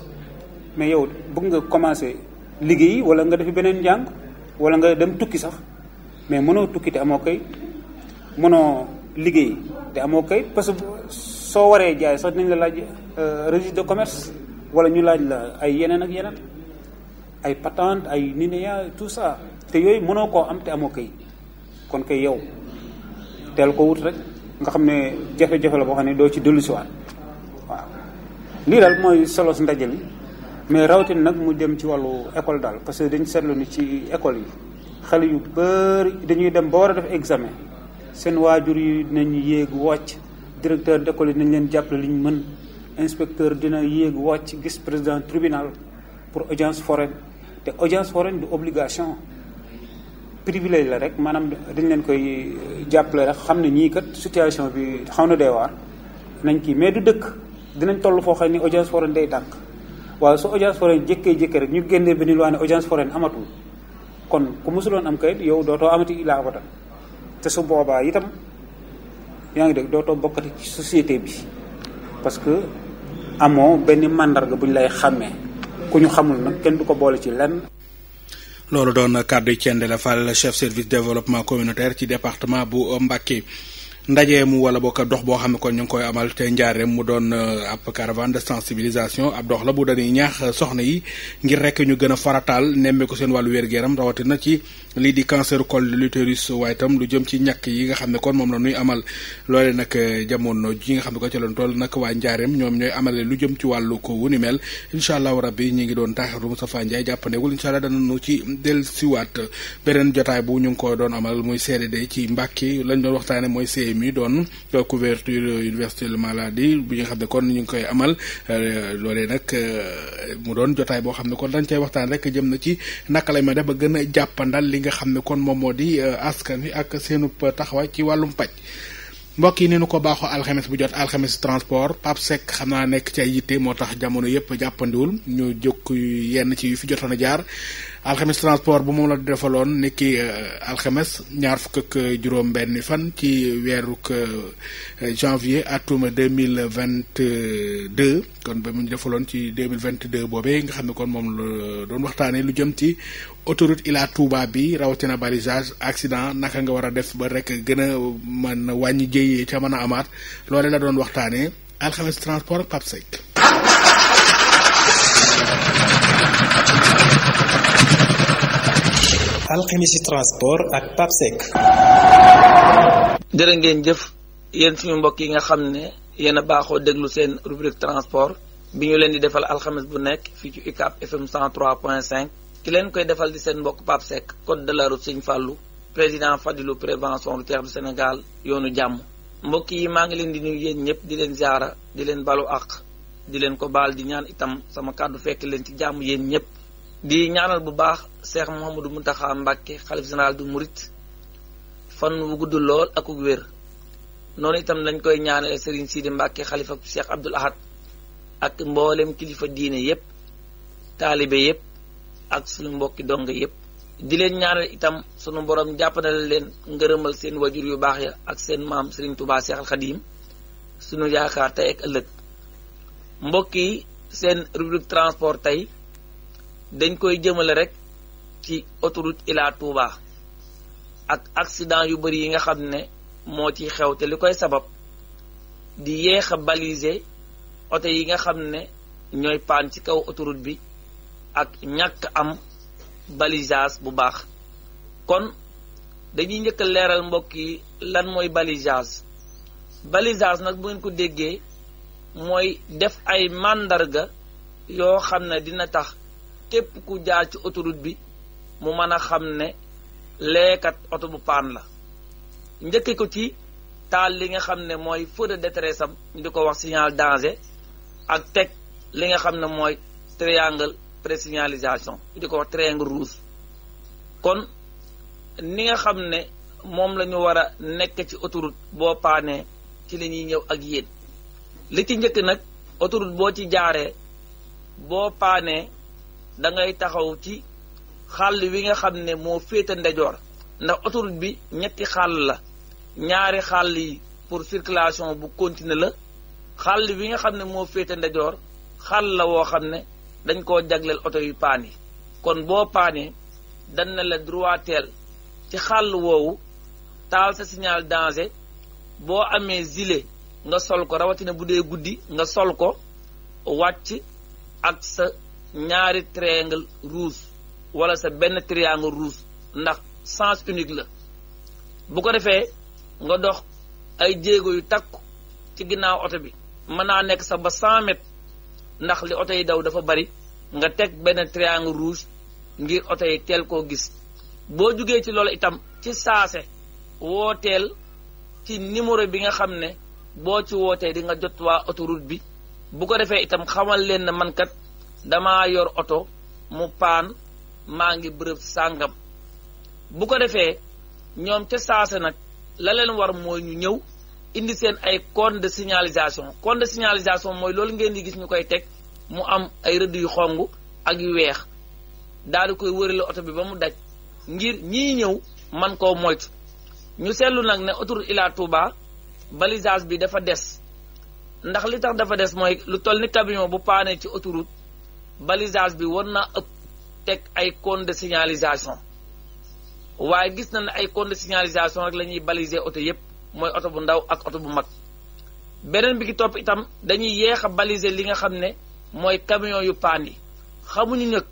mais yow nga commencer. liggéey wala nga defi beneen njàng wala nga dem tukki sax mais mënoo tukki te amoo kayit mënoo liggéey te amoo kayit parce que soo waree jaay sax dinañ la laaj euh, registre de commerce wala ñu laaj la ay yeneen ak yeneen ay patente ay NINEA tout ça te yooyu mënoo koo am te amoo kayit kon kay yow teel ko wut rek nga xam ne jafe-jafe la boo xam ne doo ci dellusiwaat waaw lii daal mooy solos ndaje li mais rawatin nag mu dem ci wàllu école daal parce que dañu seetlu ni ci école yi xale yu bëri dañuy dem ba war a def examen seen waajur yi dinañu yéeg wàcc directeur d'école yi dinañ leen jàppale li ñu mën inspecteur dina yéeg wàcc gis président tribunal pour audience foraine te audience foraine du obligation privilège la rek maanaam dañ leen koy euh, jàppale rek xam ne ñii kat situation bi xam na dee waar nañ kii mais du dëkk dinañ toll foo xam ne audience foraine day dàkk waaw su audience foraine jékkee jékkee rek ñu génnee benn loi ne audience foraine amatul kon ku mosuloon am kayit yow dootoo amati ilaa abadan te su boobaa itam yaa ngi dégg dootoo bokkati ci société bi parce que amoo benn màndarga bu lay xàmmee ku ñu xamul nag kenn du ko boole ci lenn. loolu doon kàddu yi Thiendella Fall chef service développement communautaire ci département bu Mbacké. ndaje ndajeemu wala bokk dox boo xam ne kon ñu ngi koy amal te njaareem mu doon euh, ab caravane de sensibilisation ab dox la bu dañuy ñaax soxna yi ngir rek ñu gën a farataal nemme ko seen wàllu wér-gu-yaram rawatina ci lii di cancer col de l'utérus waaye itam lu jëm ci ñàkk yi nga xam ne kon moom la ñuy amal loole nag euh, jamono ji nga xam ne ko ca loon nag waa njaareem ñoom ñooy amale lu jëm ci wàllu ko wu ni mel incha allahu rabbi ñi ngi doon taaxirlu Moustapha Ndiaye jàppandewul incha allah danañu ci del siwaat beneen jotaay bu ñu ngi ko doon amal muy CDD ci Mbàkke lañ doon waxtaane mooy mi doon couverture universelle maladie bi nga xam ne kon ñu ngi koy amal euh, loolee nag euh, mu doon jotaay boo xam ne kon dañ cay waxtaan rek jëm na ci naka lay ma def ba gën a jàppandal li nga xam ne kon moom moo di euh, askan wi ak seenu taxawaay ci wàllum paj mbokk yi ni ko baaxu alxames bu jot alxames transport Pape Seck xam naa nekk ci ay yitte moo tax jamono yëpp jàppandiwul ñu jokk yenn ci yu fi jotoon jaar alxames transport bu moom la defaloon ni ki euh, alxames ñaar fukk ak euh, juróom benn fan ci weeruk euh, janvier atum deux mille vingt deux kon ba mu defaloon ci deux mille vingt deux boobee nga xam ne kon moom doon waxtaanee lu jëm ci autoroute Ila Touba bi rawatina balisage accident naka nga war a def ba rek gën a mën wàññi jéyee ca mën a amaat loole la doon waxtaanee alxames transport Pape alxemisi transport ak Pape Seck jërë ngeen jëf yéen suñu mbokk yi nga xam ne yéen a baaxoo déglu seen rubrique transport bi ñu leen di defal alxames bu nekk fii ci UCAB FM 103.5 ki leen koy defal di seen mbokk Pape Seck code de la fàllu président Fallou président Fadilou prévention routière du Sénégal yoonu jàmm mbokk yi maa ngi leen di nuyu yéen ñëpp di leen ziara di leen balu àq di leen ko baal di ñaan itam sama kàddu fekk leen ci jàmm yéen ñëpp di ñaanal bu baax Cheikh Mouhamadou Mountakha Mbacké xalif général du Mouride fan wu gudd lool ak wér noonu itam lañ koy ñaanale Serigne Sidi Mbacké xalifa Cheikh Abdoul Ahad ak mboolem kilifa diine yépp taalibe yépp ak sunu mbokki dong yépp di leen ñaanal itam sunu borom jàppandal leen ngërëmal seen wajur yu baax ya ak seen maam Serigne Touba Cheikh Al Khadim sunu yaakaar tey ak ëllëg mbokk yi seen rubrique transport tey dañ koy jëmale rek ci autoroute Ila Touba ak accident yu bari yi nga xam ne moo ci xew te li koy sabab di yéex a baliser oto yi nga xam ne ñooy paan ci kaw autoroute bi ak ñàkk am balisage bu baax kon dañuy njëkk a leeral mbokk yi lan mooy balisage balisage nag bu ngeen ko déggee mooy def ay màndarga yoo xam ne dina tax képp ku jaar ci autoroute bi mu mën a xam ne leekat oto bu paan la njëkke ko ci taal li nga xam ne mooy feu de détresse am ñu ko wax signal danger ak teg li nga xam ne mooy triangle présignalisation di ko wax triangle kon ni nga xam ne moom la ñu war a nekk ci autoroute boo paanee ci la ñuy ñëw ak yéen li ci njëkk nag autoroute boo ci jaaree boo paanee da ngay taxaw ci xàll wi nga xam ne moo féete ndejoor ndax autoroute bi ñetti xàll la ñaari xàll yi pour circulation bu continue la xàll wi nga xam ne moo féete ndejoor xàll la woo xam ne dañ ko jagleel oto yu paan kon boo paanee dan na la droiteel ci xàll woowu taal sa signal danger boo amee gilet nga sol ko rawatina bu dee guddi nga sol ko wàcc ak sa ñaari triangle rouge wala sa benn triangle rouge ndax sens unique la bu ko defee nga dox ay jéego yu takku ci ginnaaw oto bi mën naa nekk sax ba 100 mètres ndax li oto yi daw dafa bari nga teg benn triangle rouge ngir oto yi teel koo gis boo jugee ci loolu itam ci saase wooteel ci numéro bi nga xam ne boo ci wootee di nga jot waa oto autoroute bi bu ko defee itam xamal leen ne man dama yor oto mu paan maa ngi bërëb sàngam bu ko defee ñoom ca saase nag la leen war mooy ñu ñëw indi seen ay cône de signalisation cône de signalisation mooy loolu ngeen di gis ñu koy teg mu am ay rëdd yu xong ak yu weex daal di koy wërale oto bi ba mu daj ngir ñii ñëw man koo moytu ñu seetlu nag ne autoroute Ila Touba balisage bi dafa des ndax li tax dafa des mooy lu toll ni camion bu paanee ci autoroute balisage bi war naa ëpp teg ay cône de signalisation waaye gis na ne ay cône de signalisation rek la ñuy baliser oto yëpp mooy oto bu ndaw ak oto bu mag beneen bi ki topp itam dañuy yéex a baliser li nga xam ne mooy camion yu paan yi xamuñu nag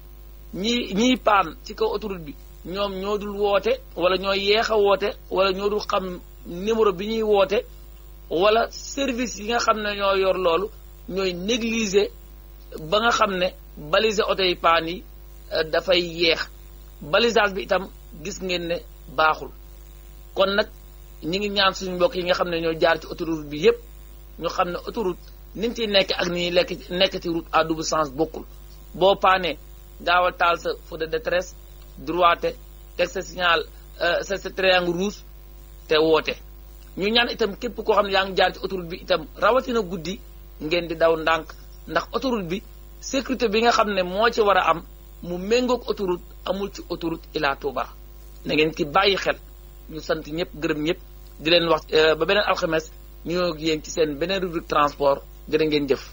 ñi ñiy paan ci kaw autoroute bi ñoom ñoo dul woote wala ñoo yeex a woote wala ñoo dul xam numéro bi ñuy woote wala service yi nga xam ne ñoo yor loolu ñooy négliger ba nga xam ne baliser oto yi paan yi euh, dafay yeex balisage bi itam gis ngeen ne baaxul kon nag ñi ngi ñaan suñu mbokk yi nga xam ne ñoo jaar ci autoroute bi yépp ñu xam ne autoroute niñ ciy nekk ak ni lekk nekk ci route à double sens bokkul boo paanee gaawal taal sa feu de détresse droite teg sa signal euh, sa sa triangle rouge te woote ñu ñaan itam képp koo xam ne yaa ngi jaar ci autoroute bi itam rawatina guddi ngeen di daw ndànk ndax autoroute bi sécurité bi nga xam ne moo ci war a am mu méngoog autoroute amul ci autoroute Ila Touba na ngeen ci bàyyi xel ñu sant ñëpp gërëm ñëpp di leen wax euh, ba beneen alxames ñu ngi yéen ci seen beneen rubrique transport jërë ngeen jëf.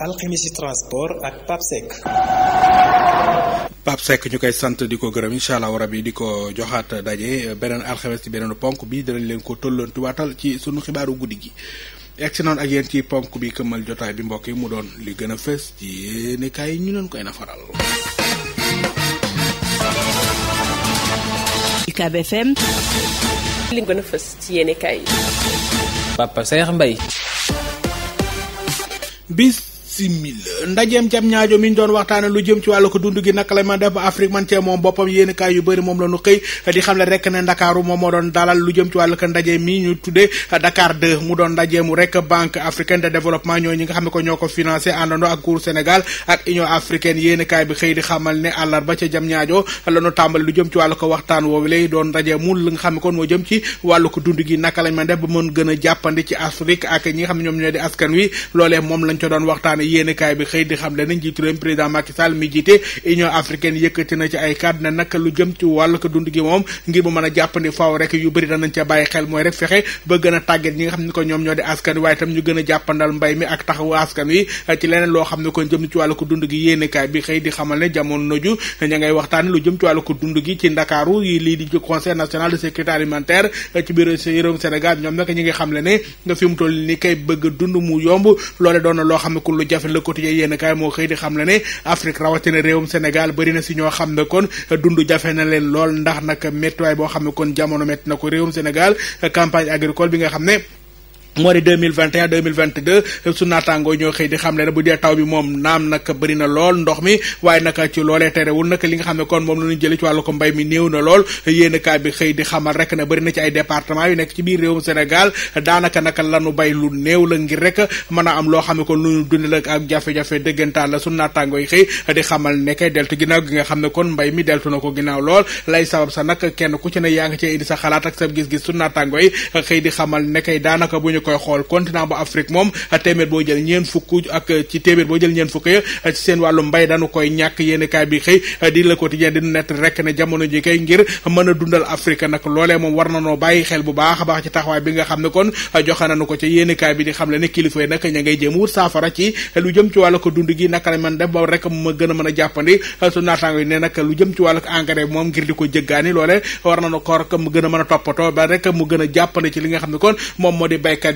alxemisi transport ak Pape Seck. Pape Seck ñu koy sant di ko gërëm incha allah rabi di ko joxaat daje beneen alxemes ci beneen ponk bi danañ leen ko tollanti waatal ci sunu xibaaru guddi gi. egsi noonu ak yéen ci ponk bi këmmal jotaay bi mbokk yi mu doon li gën a fës ci yéenekaay yi ñu leen koy nafaral. UCAB FM. li bis. simil ndajeem jam ñaajo mi ñu doon waxtaane lu jëm ci wàllu ko dund gi naka la man def moo doon dalal lu jëm ci wàllu ko ndaje mi ñu tuddee Dakar 2 mu doon ndajeemu ko ñoo ko financé àndandoo ak nguuru Sénégal ak Union africaine yéen kaay bi xëy di xamal ne àllarba ca jam ñaajo la ñu tàmbali ko waxtaan woowu lay doon naka lañ man def ba mën gën a jàppandi ci Afrique ak ñi xam ñoom ñoo di askan wi loolee moom lañ ca doon waxtaane yéenekaay bi xëy di xam le na njiitu réew président Macky Sall mi jiite Union africaine yëkkati na ci ay kàddu ne nag lu jëm ci wàllu ko dund gi moom ngir mu mën a jàppandi faaw rek yu bëri danañ ca bàyyi xel mooy rek fexe ba gën a tàggat ñi nga xam ne ko ñoom ñoo di askan waaye itam ñu gën a jàppandal mbay mi ak taxawu askan wi ci leneen loo xam ne kon jëm ci wàllu ko dund gi yéenekaay bi xëy di xamal ne jamono ju ña ngay waxtaan lu jëm ci wàllu ko dund gi ci Ndakaaru lii di ci conseil jafe le quotidien yéen kaay moo xëy di xam la ne Afrique rawatina réewum Sénégal bëri na si ñoo xam ne kon dund jafe na leen lool ndax nag méttiwaay boo xam ne kon jamono métti na ko réewum Sénégal campagne agricole bi nga xam ne moo di 2021 2022 su naataangoo ñoo xëy di xam le ne bu dee taw bi moom naam nag bëri na lool ndox mi waaye nag ci loolee terewul nag li nga xam ne kon moom la ñu jëlee ci wàllu ko mbay mi néew na lool yéenekaay bi xëy di xamal rek na bëri na ay département yu nekk ci biir réewum Sénégal daanaka nag lanu bay lu néew la ngir rek mën a am loo xam ne kon lu ñu dund ak jafe-jafe la su naataangoo yi xëy di xamal nekke deltu ginnaaw gi nga xam ne kon mbay mi deltu na ko ginnaaw lool lay sabab sa nag kenn ku ci ne yaa ngi ci indi sa xalaat ak sa gis-gis su naataangoo yi xëy di xamal nekkay daanaka bu ñu koy xool continent bu Afrique moom téeméer boo jël ñeen fukk ak ci téeméer boo jël ñeen fukk ya ci seen wàllu mbay dañu koy ñàkk yéen kaay bi xëy di le a dundal moom war na noo bàyyi xel bu baax a baax bi nga xam ne kon joxe ko ci yéen kaay di le ne kilifa yi nag ña ngay jéem wut saafara ci lu jëm ci wàllu ko dund gi naka a mën ko jëggaani loole war a mën a toppatoo ba nga xam ne kon moom moo di baykat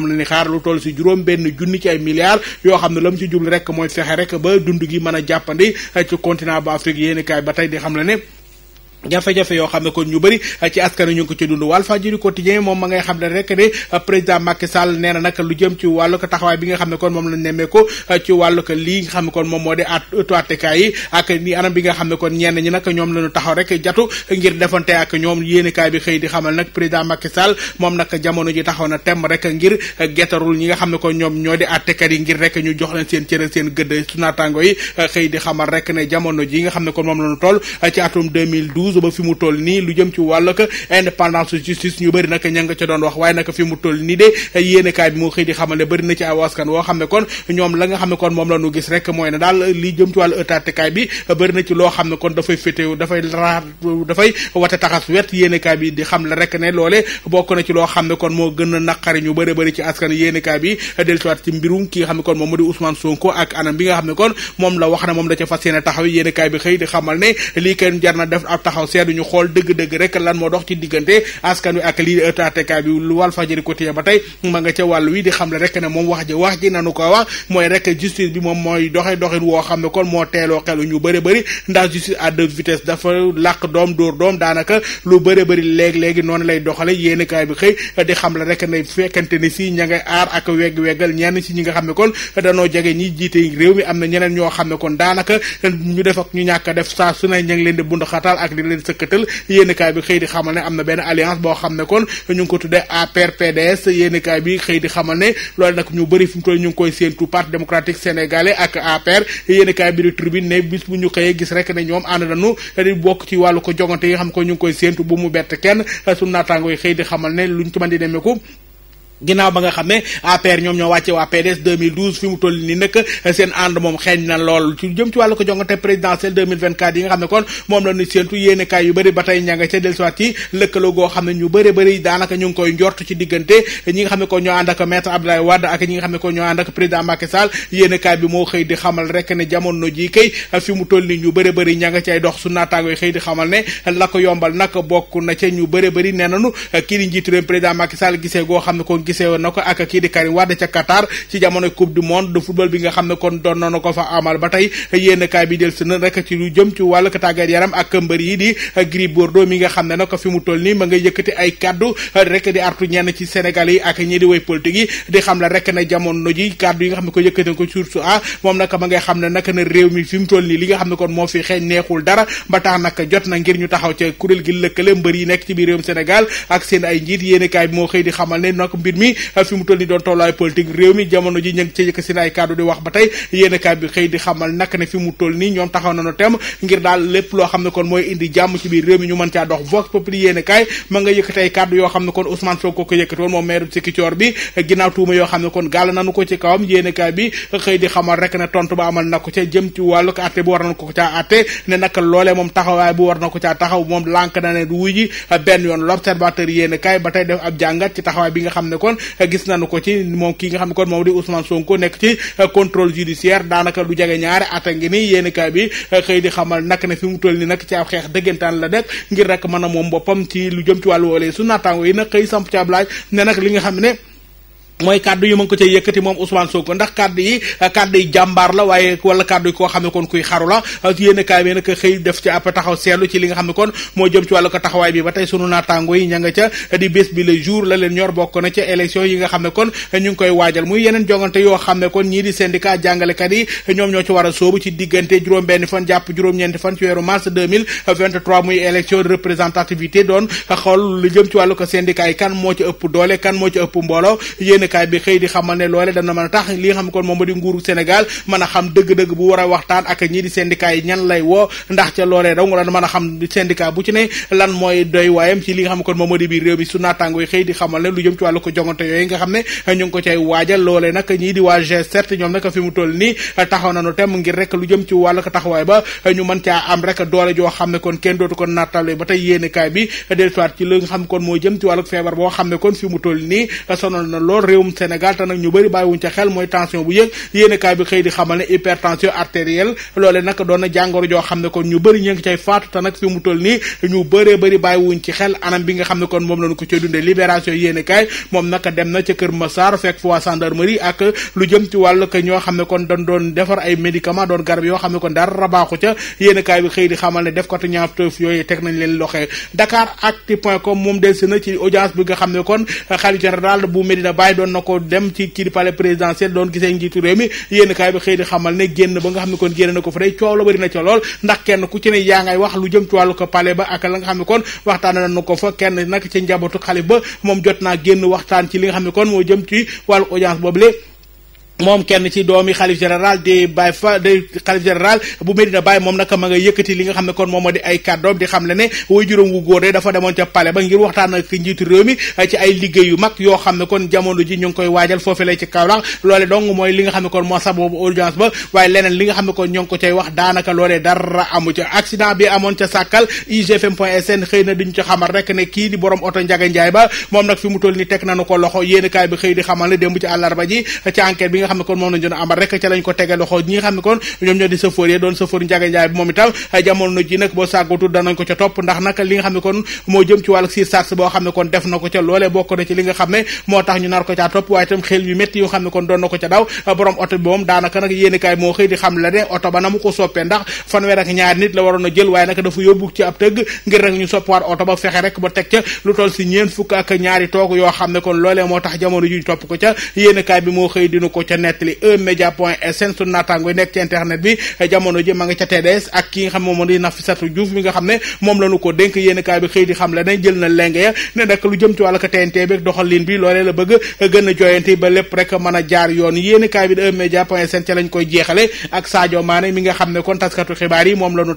moom la ni xaar lu si juróom benn junni ci ay milliards yoo xam ne la mu ci jublu rek mooy fexe rek ba dund gi mën a jàppandi ci continent bu Afrique yéeni kaay ba tey di xam la ne jafe-jafe yoo xam ne kon ñu bëri ci askan ñu ko ci dund Walfadjri quotidien moom ma ngay xam ne rek ne président Macky saal nee na lu jëm ci wàllu ko taxawaay bi nga xam ne kon moom lañ nemmee ko ci lii nga xam kon moom moo di atuatekaay yi ak ni anam bi nga xam ne kon ñenn ñi nag ñoom lañu taxaw rek jatu ngir defante ak ñoom yéenekaay bi xëy di xamal nag président Macky Sall moom nag jamono ji taxaw na temm rek ngir gettarul ñi nga xam ne kon ñoom ñoo di attekat yi ngir rek ñu jox leen seen cër seen gëdd su naataango yi xëy di xama rek ne jamono ji xam ne kon moom lañu toll ci atum 2012 2012 ba fi mu toll nii lu jëm ci wàllug indépendance justice ñu bëri nag ña nga ca doon wax waaye nag fi mu toll nii de yéenekaay bi bi moo a xëy di xamal ne lii kenn jar na def ab taxaw taxaw seetlu ñu xool dëgg-dëgg rek lan moo dox ci diggante askan wi ak lii attaque bi lu wàl fajiri quotidien ba tey ma nga ca wàllu wi di xam le rek ne moom wax ji wax ji nanu ko wax mooy rek justice bi moom mooy doxe doxin woo xam ne kon moo teeloo xelu ñu bëri bëri ndax justice noonu lay doxale yéen kaay bi xëy di xam la rek ne fekkante ni si ña ngay aar ak wegg-weggal ñenn si ñi nga xam ne kon danoo jege ñi jiite réew mi am na ñeneen ñoo xam kon daanaka a leen sëkkatal yéeni kaay bi xëy di xamal ne am na benn alliance boo xam ne kon ñu ngi ko tuddee APR PDS yéeni kaay bi xëy di xamal ne loolu nag ñu bari fi mu toll ñu ngi koy séentu parti démocratique sénégalais ak APR yéeni kaay bi di tribune ne bis bu ñu xëyee gis rek ne ñoom ànd nañu di bokk ci wàllu ko jogante yi xam ko ñu ngi koy séentu bu mu bett kenn su naataango yi xëy di xamal ne luñ ci mën di nemeeku ginnaaw ba nga xam ne APR ñoom ñoo wàcce waa PDS 2012 fi mu toll nii seen ànd moom xeeñ na lool jëm ci wàllu ko jongante présidentielle 2024 yi nga xam ne kon moom la ñu séentu yéene kaay yu bëri ba tey ña nga ca dellusiwaat ci lëkkaloo goo xam ne ñu bëri bëri daanaka ko ñu bëri bëri ña nga dox su naataango xëy di xamal ne la ko yombal nag bokk na ca ñu bëri bëri nee nañu kii njiitu réew président Macky Sall gisee goo xam ne gisee woon na ko ak kii di Karim Wade ca Qatar ci jamono coupe du monde de football bi nga xam ne kon doon na ko fa amal ba tey yéen kaay bi del si na rek ci lu jëm ci wàllu tàggat yaram ak mbër yi nekk ci biir réewum Sénégal ak seen ay njiit yéen kaay bi moo xëy di xamal ne nag mbir mi fi mu toll ni doon tollaay politique réew mi jamono ji ñu ngi ci yëkk si ay kaddu di wax ba tey yéen kaay bi xëy di xamal nag ne fi mu toll nii ñoom taxaw nañu tem ngir daal lépp loo xam ne kon mooy indi jàmm ci biir réew mi ñu mën caa dox vox populi yéen bi xëy di xamal rek ne tontu ba amal na ca jëm ci wàllu ko atte bi war nañu ko caa atte ne nag loolee moom taxawaay bu war na ko caa taxaw ne du wuy ji benn yoon l'observateur yéen kaay ba tey ne kon eh, gis nañu ko ci moom ki nga xam ne kon moom di Ousmane Sonko nekk ci eh, contrôle judiciaire daanaka lu jege ñaari at a ngi nii yéen kaay bi eh, xëy di xamal nag ne fi mu toll ni nag ci ab xeex dëggantaan la nekk ngir rek mën a moom boppam ci lu jëm ci wàllu woolee su naataango yi nag xëy samp ci ab laaj ne nag li nga xam ne mooy kàddu yi ma ngi ko cay yëkkati moom Ousmane Sonko ndax kàddu yi kàddu yi jàmbaar la waaye wala kàddu yi koo xam ne kon kuy xaru la yéen kaay bi nag xëy def ci ab taxaw seetlu ci li nga xam ne kon moo jëm ci wàllu ko bi ba tey sunu naataango yi ña nga ca di bés la leen ñor bokk na ca élection yi nga xam ne kon ñu ngi koy waajal muy yeneen jongante yoo xam ne kon ñii di syndicat jàngalekat yi ñoom ñoo ci war a sóobu ci diggante juróom benn fan jàpp juróom-ñeenti fan ci weeru mars 2023 muy élection représentativité doon xool lu jëm ci wàllu ko kan moo ci doole kan moo ci ëpp mbooloo yéenekaay bi xëy di xamal ne loole dana mën a tax li nga xam kon moom a xam dëgg-dëgg bu war a waxtaan ak ñii di syndicat yi a xam syndicat bu ci ne lan mooy doy waayam moo jëm ci wàllu feebar boo xam ne kon fi mu toll nii sonal lool réew réewum Sénégal te nag ñu bëri bàyyiwuñ ca xel mooy tension bu yëg yéenekaay bi xëy di xamal ne hypertension artérielle loole nag doon na jàngoro joo xam ne kon ñu bëri ñu moom lañu dem na ca Kër Massar fekk fa waa ak lu jëm ci wàllu ko ñoo xam ne kon dañ doon defar ay médicament doon garab yoo xam ne kon dara baaxu ca yéenekaay bi xëy di xamal ne def ko te ñaawteef yooyu teg nañ leen loxo Dakaractu point com moom delsi na ci audience bi nga xam ne kon xalifa général bu Medina Baye doon na ko dem ci ci pale présidentiel doon gisee njiitu réew mi yénn kaay bi xëy di xamal ne génn ba nga xam ne kon génn na ko fa day coow la bëri na ca lool ndax kenn ku ci ne yaa ngay wax lu jëm ci wàllu ko pale ba ak la nga xam ne kon waxtaan nañu ko fa kenn nag ci njabootu xalif ba moom jot naa génn waxtaan ci li nga xam ne kon moo jëm ci wàllu audience boobu moom kenn ci doomi xalif général di Baye fa di xalif général bu Medina Baye moom nag ma nga yëkkati li nga xam ne kon moom ma di ay kàddoom di xam le ne way juróom wu góor dafa demoon ca ba ngir waxtaan ak njiitu réew mi eh, ay liggéey yu mag yoo xam ne kon jamono ji ñu ngi koy waajal foofu lay ci Kaolack loole dong mooy li nga xam ne kon moo sababu audience ba waaye leneen li nga xam ne kon ñoo ngi ko cay wax daanaka loolee dara amu ca accident bi amoon ca sàkkal igfm point sn xëy na ñu ca xamal rek ne kii di borom oto Njaga Njaay ba moom nag fi mu toll ni teg nañu ko loxo yéen kaay bi xëy di xamal ne démb ci àllarba ji eh, ci enquête bi xam ne kon moom lañ doon amal rek ca lañ ko tege loxo ñi nga kon ñoom ñoo di sëfoor yi doon sëfoor Njaga Njaay bi moom itam a jël ji topp ko ca yéenekaay bi moo xëy dinu ko ca nettali e média point sn su naataango yi nekk ci internet bi jamono ji ma nga ca TDS ak ki nga xam ne moom la ko dénk yéen kaay bi xëy di xam le jël na lenge ya ne lu jëm ci wàllu TNT bi bi a e ak Sadio mi nga xam ne kon taskatu xibaar yi moom la ñu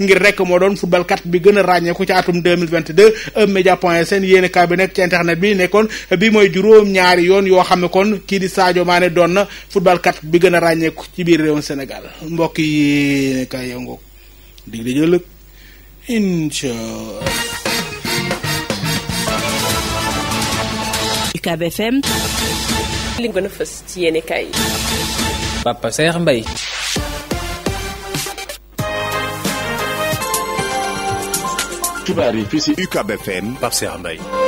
ngir rek moo doon footballkat bi gën a ràññeeku ci atum 2022 e média point sn yéen kaay bi nekk ci internet bi nekkoon bi mooy juróom ñaari yoon yoo xam kon na footballkat bi gën a ràññeeku ci biir réewum Sénégal mbokk yi kay yëngu dig di jëlëg incha UCAB FM li gën a ci yéene kay Papa Saer Mbaye yi fii si UCAB FM Papa Saer Mbaye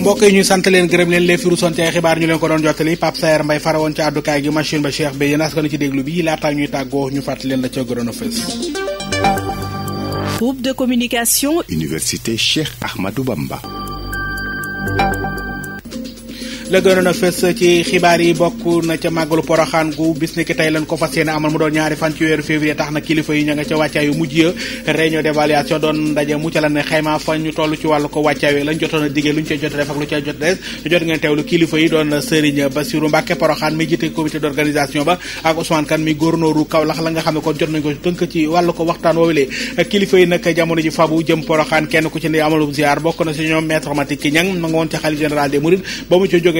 mbokk yi ñu sant leen gërëm leen les firu sonte xibaar ñu leen ko doon jottali Pape Saer Mbaye farawoon ci àddukaay gi machine ba Cheikh Beye yéen askan ci déglu bi laataa ñuy tàggoo ñu fàttali leen la ca gënoon a fës groupe de la gënoon a fës ci xibaar yi bokk na ca màggalu poroxaan gu bis ni ki tey lañ ko fa ñu a diggee lu amalu ziar bokk na si ñoom maître Mati Kiñang ma nga ca xalif général des Mourides ba mu ca jógee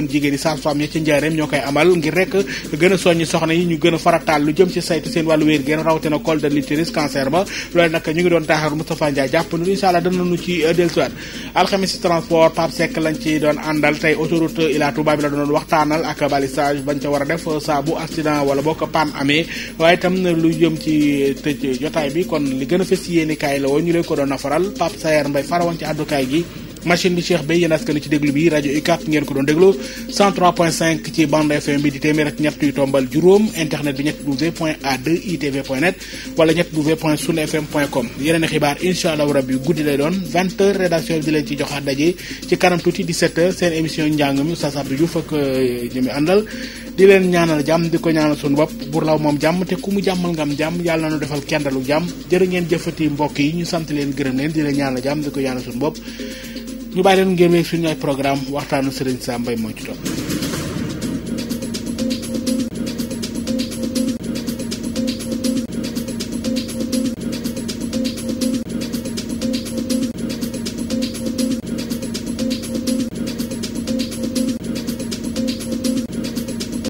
kon jigéen yi sage-femme ya ci njaareem ñoo koy amal ngir rek gën a soññi soxna yi ñu gën a farataal lu jëm ci saytu seen wàllu wér geen rawatina col de l'utérus cancer ba loolu nag ñu ngi doon taaxar Moustapha Ndiaye jàpp nu incha allah danañu ci dellusiwaat alxamis transport Pape Seck lañ ci doon àndal tey autoroute Ila Touba bi la doon waxtaanal ak balisage bañ ca war a def saa bu wala boo ko panne amee waaye itam lu jëm ci tëj jotaay bi kon li gën a fës la ñu leen ko doon nafaral Pape Sayer Mbaye farawoon ci àddukaay gi machine bi Cheikh Bey yéen askan wi ci déglu bi rajo UCAB ngeen ko doon déglu 103.5 ci bande FM bi di téeméer ak ñett yu tombal juróom internet bi ñett w point a2 itv net wala ñett w point sunu fm point com yeneen xibaar incha allah rabi guddi lay doon 20 heures rédaction bi di leen ci jox daje ci kanam tuuti 17 heures seen émission njàng mi Oustaz Abdou Diouf ak euh, ñi àndal di leen ñaanal jàmm di ko ñaanal suñu bopp bur law moom jàmm te ku mu jàmmal ngam jàmm yàlla na nu defal kendalu jàmm jërë ngeen jëfati mbokk yi ñu sant leen gërëm leen di leen ñaanal jàmm di ko ñaanal suñu bopp ñu bàyyi leen ngeen wéy ay programme waxtaanu Serigne Sam mbay moo ci topp